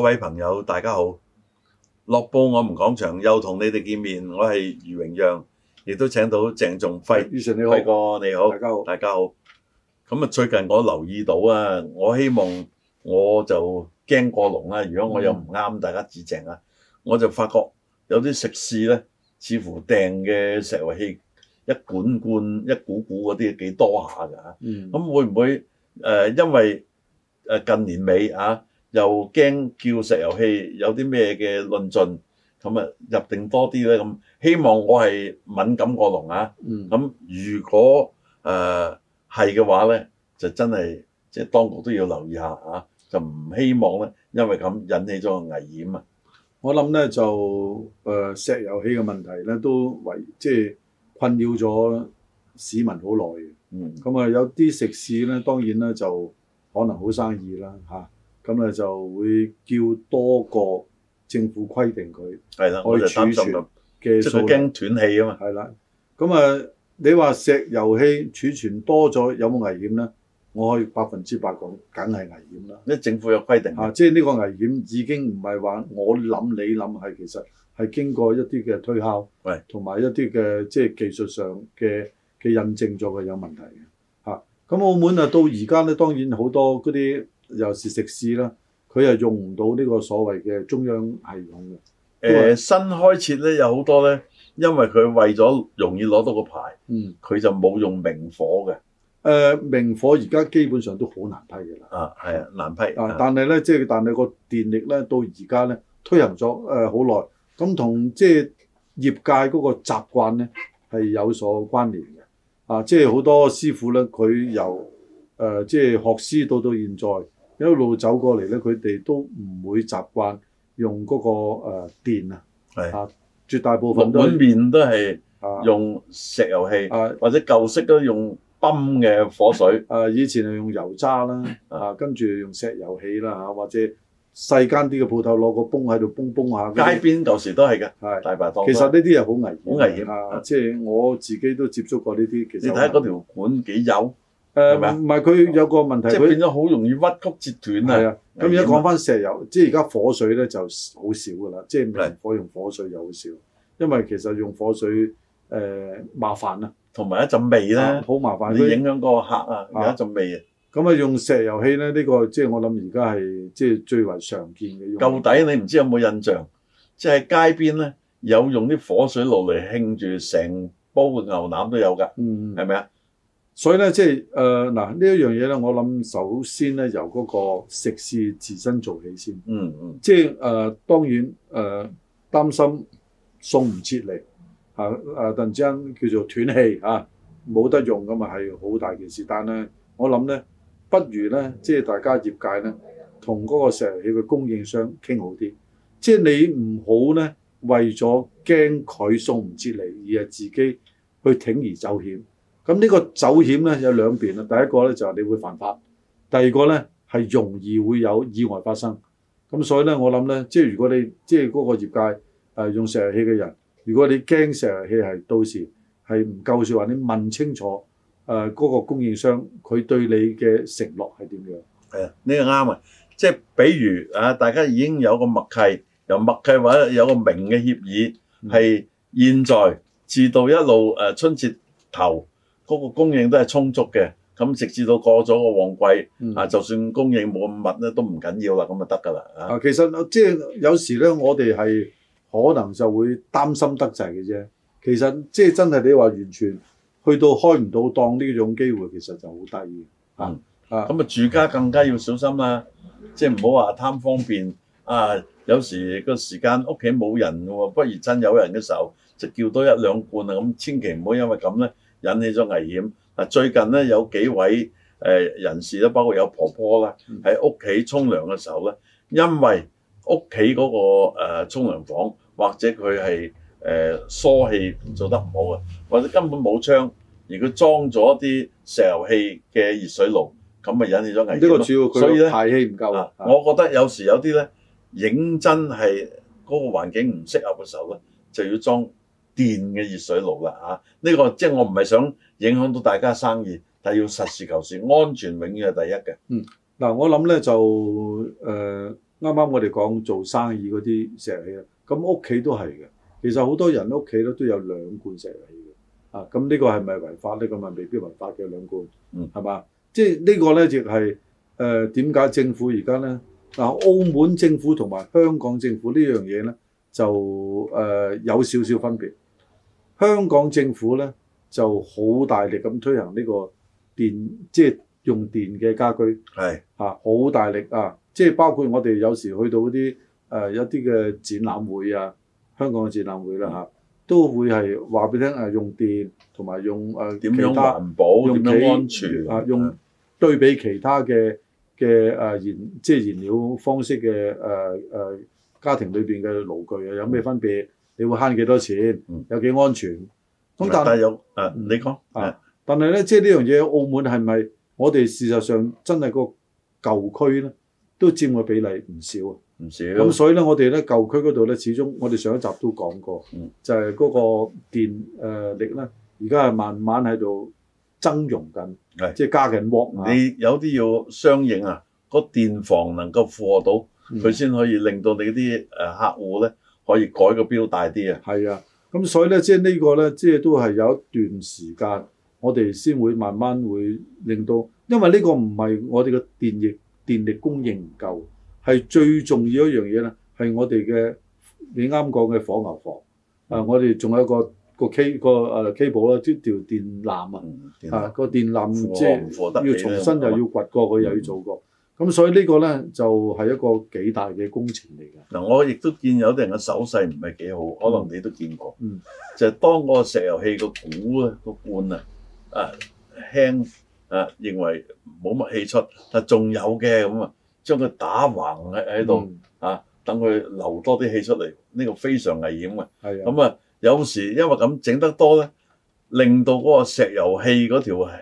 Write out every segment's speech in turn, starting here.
各位朋友，大家好！樂報我們講場又同你哋見面，我係余榮陽，亦都請到鄭仲輝。余常你好，你好，大家好，大家好。咁啊，最近我留意到啊，我希望我就驚過龍啦。如果我又唔啱，嗯、大家指正啊。我就發覺有啲食肆咧，似乎訂嘅石油氣一管罐，罐一股股嗰啲幾多下㗎。嗯。咁會唔會誒、呃？因為誒近年尾啊。又驚叫石油氣有啲咩嘅論盡，咁啊入定多啲咧，咁，希望我係敏感過龍啊！咁、嗯、如果誒係嘅話咧，就真係即係當局都要留意下啊，就唔希望咧因為咁引起咗個危險啊！我諗咧就誒、呃、石油氣嘅問題咧都圍即係、就是、困擾咗市民好耐嘅，咁啊、嗯、有啲食肆咧當然咧就可能好生意啦嚇。啊。咁咧、嗯、就會叫多個政府規定佢係啦，我就擔心嘅，即係驚斷氣啊嘛。係啦，咁、嗯、啊、嗯，你話石油氣儲存多咗有冇危險咧？我可以百分之百講，梗係危險啦。因、嗯嗯、政府有規定啊，即係呢個危險已經唔係話我諗你諗係，其實係經過一啲嘅推敲，同埋一啲嘅即係技術上嘅嘅喂印證咗佢有問題嘅。嚇、啊，咁、嗯、澳門啊，到而家咧，當然好多嗰啲。又是食肆啦，佢又用唔到呢個所謂嘅中央系統嘅。誒、呃、為新開設咧，有好多咧，因為佢為咗容易攞到個牌，嗯，佢就冇用明火嘅。誒、呃、明火而家基本上都好難批嘅啦。啊，係啊，難批。啊，但係咧，即係、啊、但係、就是、個電力咧，到而家咧推行咗誒好耐。咁同即係業界嗰個習慣咧係有所關聯嘅。啊，即係好多師傅咧，佢由誒即係學師到到現在。一路走過嚟咧，佢哋都唔會習慣用嗰個誒電啊，嚇絕大部分都面都係用石油氣啊，或者舊式都用泵嘅火水啊，以前係用油渣啦，啊跟住用石油氣啦，嚇或者細間啲嘅鋪頭攞個泵喺度泵泵下，街邊舊時都係嘅，係大排檔。其實呢啲又好危險，好危險啊！即係我自己都接觸過呢啲。其實你睇嗰條管幾幼？誒唔係佢有個問題，佢變咗好容易屈曲折斷它啊！咁而家講返石油，是是即係而家火水咧就好少㗎啦，即唔用火用火水又好少，的因為其實用火水誒、呃、麻煩啊，同埋一陣味咧，好、嗯、麻煩，你影響嗰個客啊，有一陣味啊。咁啊，用石油氣咧，呢、這個即係我諗而家係即係最為常見嘅。用。究竟你唔知有冇印象，即、就、係、是、街邊咧有用啲火水爐嚟興住成煲牛腩都有㗎，係咪啊？所以咧，即係誒嗱呢一樣嘢咧，我諗首先咧由嗰個食肆自身做起先。嗯嗯。即係誒、呃、當然誒擔、呃、心送唔切嚟嚇誒，突然之間叫做斷氣嚇，冇、啊、得用咁啊，係好大件事。但係咧我諗咧，不如咧即係大家業界咧同嗰個石油氣嘅供應商傾好啲。即係你唔好咧為咗驚佢送唔切嚟而係自己去鋌而走險。咁呢個走險咧有兩邊啦，第一個咧就係、是、你會犯法，第二個咧係容易會有意外發生。咁所以咧，我諗咧，即係如果你即係嗰個業界誒、呃、用石油氣嘅人，如果你驚石油氣係到時係唔夠說，説話你問清楚誒嗰、呃那個供應商佢對你嘅承諾係點樣？係啊，呢、這個啱啊！即係比如啊，大家已經有個默契，由默契或者有個明嘅協議，係現在至到一路誒、啊、春節頭。嗰個供應都係充足嘅，咁直至到過咗個旺季、嗯、啊，就算供應冇咁密咧，都唔緊要啦，咁就得㗎啦啊！其實即係有時咧，我哋係可能就會擔心得滯嘅啫。其實即係真係你話完全去到開唔到檔呢種機會，其實就好低嘅。嗯啊，咁、嗯、啊、嗯、住家更加要小心啦，即係唔好話貪方便啊。有時個時間屋企冇人喎，不如真有人嘅時候，即叫多一兩罐啊，咁千祈唔好因為咁咧。引起咗危險。嗱，最近咧有幾位誒、呃、人士咧，包括有婆婆啦，喺屋企沖涼嘅時候咧，因為屋企嗰個誒沖涼房或者佢係誒疏氣做得唔好嘅，或者根本冇窗，而佢裝咗啲石油氣嘅熱水爐，咁咪引起咗危險。呢個主要佢所以咧排氣唔夠。啊啊、我覺得有時有啲咧認真係嗰個環境唔適合嘅時候咧，就要裝電嘅熱水爐啦嚇，呢、啊這個即係我唔係想影響到大家生意，但係要實事求是，安全永遠係第一嘅。嗯，嗱我諗咧就誒啱啱我哋講做生意嗰啲石油氣啊，咁屋企都係嘅。其實好多人屋企咧都有兩罐石油氣嘅啊，咁呢個係咪違法呢？咁咪未必違法嘅兩罐，嗯，係嘛？即係呢個咧亦係誒點解政府而家咧嗱澳門政府同埋香港政府呢樣嘢咧？就誒、呃、有少少分別，香港政府咧就好大力咁推行呢個電，即、就、係、是、用電嘅家居係嚇好大力啊！即、就、係、是、包括我哋有時去到嗰啲誒一啲嘅展覽會啊，香港嘅展覽會啦、啊、嚇，嗯、都會係話俾你聽誒用電同埋用誒點、啊、樣用環保點其樣安全啊？用對比其他嘅嘅誒燃即係、就是、燃料方式嘅誒誒。啊啊啊。家庭裏邊嘅爐具有咩分別？你會慳幾多錢？嗯、有幾安全？咁、嗯、但係有誒，你講啊！但係咧，即係呢樣嘢喺澳門係咪？我哋事實上真係個舊區咧，都佔個比例唔少啊！唔少。咁所以咧，我哋咧舊區嗰度咧，始終我哋上一集都講過，嗯、就係嗰個電力咧，而家係慢慢喺度增容的緊，即係加緊鍋。你有啲要相應啊，個電房能夠負荷到。佢先可以令到你啲誒客戶咧，可以改個標大啲啊！係啊，咁所以咧、這個，即係呢個咧，即係都係有一段時間，我哋先會慢慢會令到，因為呢個唔係我哋嘅電力電力供應唔夠，係、嗯、最重要一樣嘢咧，係我哋嘅你啱講嘅火牛房、嗯、啊！我哋仲有一個一個 cable 個誒 cable 啦，條電纜啊，個電纜即係要重新又、啊、要掘過佢，又、啊、要做過。咁、嗯、所以個呢個咧就係、是、一個幾大嘅工程嚟嘅。嗱，我亦都見有啲人嘅手勢唔係幾好，嗯、可能你都見過。嗯，就係當個石油氣個鼓、個罐啊，輕啊輕啊認為冇乜氣出，但仲有嘅咁啊，將佢打橫喺喺度啊，等佢流多啲氣出嚟。呢、呢個非常危險嘅。係啊、嗯。咁、嗯、啊，有時因為咁整得多咧，令到嗰個石油氣嗰條係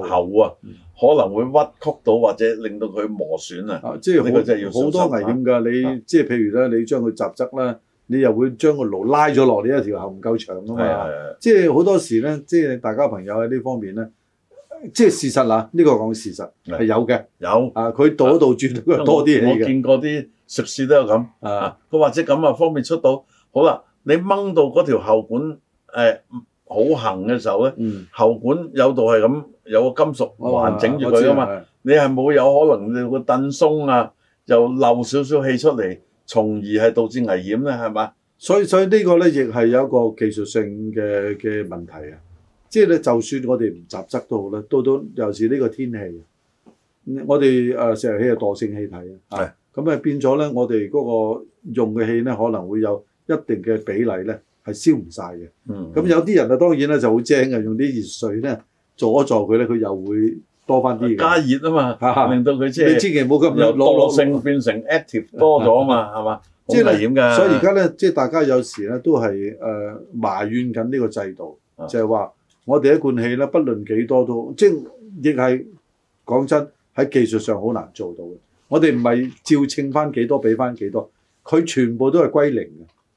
喉啊，可能會屈曲到或者令到佢磨損啊！即係好多危險㗎，你即係譬如咧，你將佢雜質啦，你又會將個爐拉咗落，你一條喉唔夠長㗎嘛？即係好多時咧，即係大家朋友喺呢方面咧，即係事實嗱，呢個講事實係有嘅，有啊，佢左度轉多啲嘢嘅。我見過啲食肆都有咁啊，佢或者咁啊，方便出到好啦。你掹到嗰條喉管誒好行嘅時候咧，喉管有度係咁。有個金屬環整住佢噶嘛？你係冇有可能你個凳鬆啊，又漏少少氣出嚟，從而係導致危險咧，係嘛？所以所以呢個咧亦係有一個技術性嘅嘅問題啊！即係咧，就算我哋唔雜質都好啦，到到尤其呢個天氣，我哋誒石油氣係惰性氣體啊，咁誒的變咗咧，我哋嗰個用嘅氣咧可能會有一定嘅比例咧係燒唔晒嘅。咁、嗯、有啲人啊，當然咧就好精嘅，用啲熱水咧。阻助佢咧，佢又會多翻啲。加熱啊嘛， 令到佢即係落落性變成 active 多咗啊嘛，係嘛？即係危險嘅。所以而家咧，即係大家有時咧都係誒、呃、埋怨緊呢個制度，啊、就係話我哋一罐氣咧，不論幾多都即係亦係講真喺技術上好難做到嘅。我哋唔係照稱翻幾多俾翻幾多，佢全部都係歸零嘅。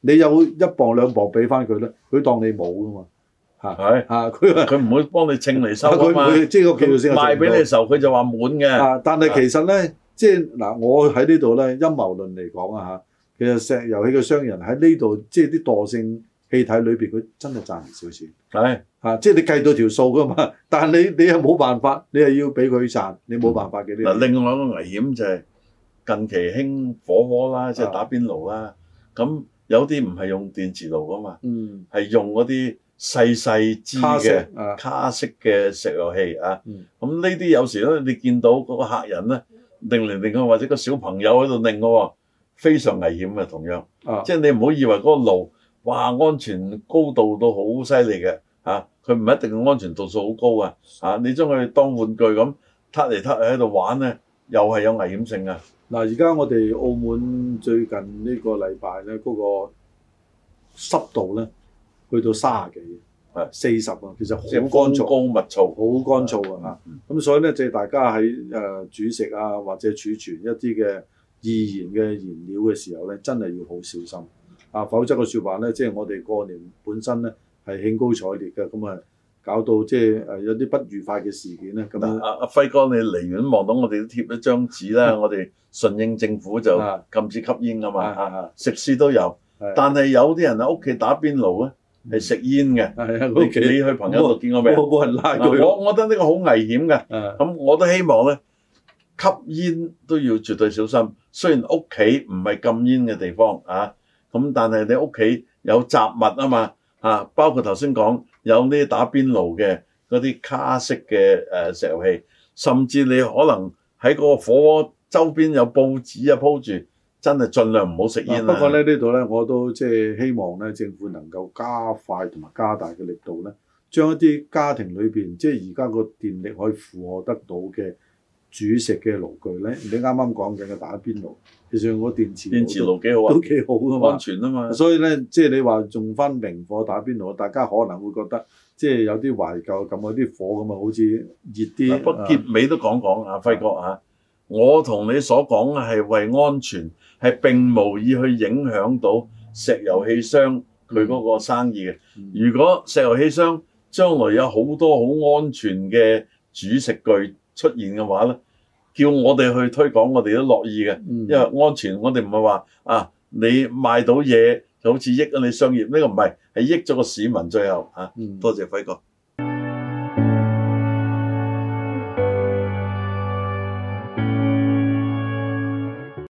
你有一磅兩磅俾翻佢咧，佢當你冇噶嘛。係啊！佢話佢唔會幫你稱嚟收佢，即係個計數先賣俾你嘅時候，佢就話滿嘅。但係其實咧，即係嗱，我喺呢度咧陰謀論嚟講啊嚇，其實石油氣嘅商人喺呢度即係啲惰性氣體裏邊，佢真係賺唔少錢。係啊，即係你計到條數㗎嘛，但係你你又冇辦法，你又要俾佢賺，你冇辦法嘅。嗱，另外一個危險就係近期興火鍋啦，即係打邊爐啦。咁有啲唔係用電磁爐㗎嘛，係用嗰啲。細細支嘅卡式嘅石油氣、嗯、啊，咁呢啲有時咧，你見到嗰個客人咧，擰嚟擰去或者個小朋友喺度擰嘅喎，非常危險嘅，同樣、啊，即係你唔好以為嗰個爐，哇，安全高度都好犀利嘅，嚇、啊，佢唔一定安全度數好高嘅，嚇、啊，你將佢當玩具咁，揼嚟揼去喺度玩咧，又係有危險性嘅。嗱、啊，而家我哋澳門最近個呢個禮拜咧，嗰、那個濕度咧。去到三十幾啊，四十啊，其實好乾燥，好乾燥啊，咁所以咧，即係大家喺誒煮食啊，或者儲存一啲嘅易燃嘅燃料嘅時候咧，真係要好小心啊，否則嘅説話咧，即係我哋過年本身咧係興高采烈嘅，咁啊搞到即係誒有啲不愉快嘅事件咧。嗱，阿阿輝哥，你寧願望到我哋都貼一張紙啦，我哋順應政府就禁止吸煙㗎嘛，食肆都有，但係有啲人喺屋企打邊爐咧。係食煙嘅，的你去朋友度見過未？咩？冇人拉佢。我我，我覺得呢個好危險嘅，咁的我都希望咧吸煙都要絕對小心。雖然屋企唔係禁煙嘅地方啊，咁但係你屋企有雜物啊嘛，啊包括頭先講有呢打邊爐嘅嗰啲卡式嘅誒石油氣，甚至你可能喺個火鍋周邊有報紙啊鋪住。真係盡量唔好食煙，啊，不過咧，呢度咧，我都即係希望咧，政府能夠加快同埋加大嘅力度咧，將一啲家庭裏邊即係而家個電力可以負荷得到嘅煮食嘅爐具咧，你啱啱講緊嘅打邊爐，其實個電磁電磁爐幾好，都幾好嘅嘛，安全啊嘛。所以咧，即係你話用翻明火打邊爐，大家可能會覺得即係有啲懷舊感，有啲火咁啊，好似熱啲。不結尾都講講啊，輝哥啊。我同你所講嘅係為安全，係並無意去影響到石油氣商佢嗰個生意嘅。如果石油氣商將來有好多好安全嘅煮食具出現嘅話咧，叫我哋去推廣，我哋都樂意嘅。因為安全，我哋唔係話啊，你賣到嘢就好似益咗你商業，呢個唔係，係益咗個市民最後啊。多謝輝哥。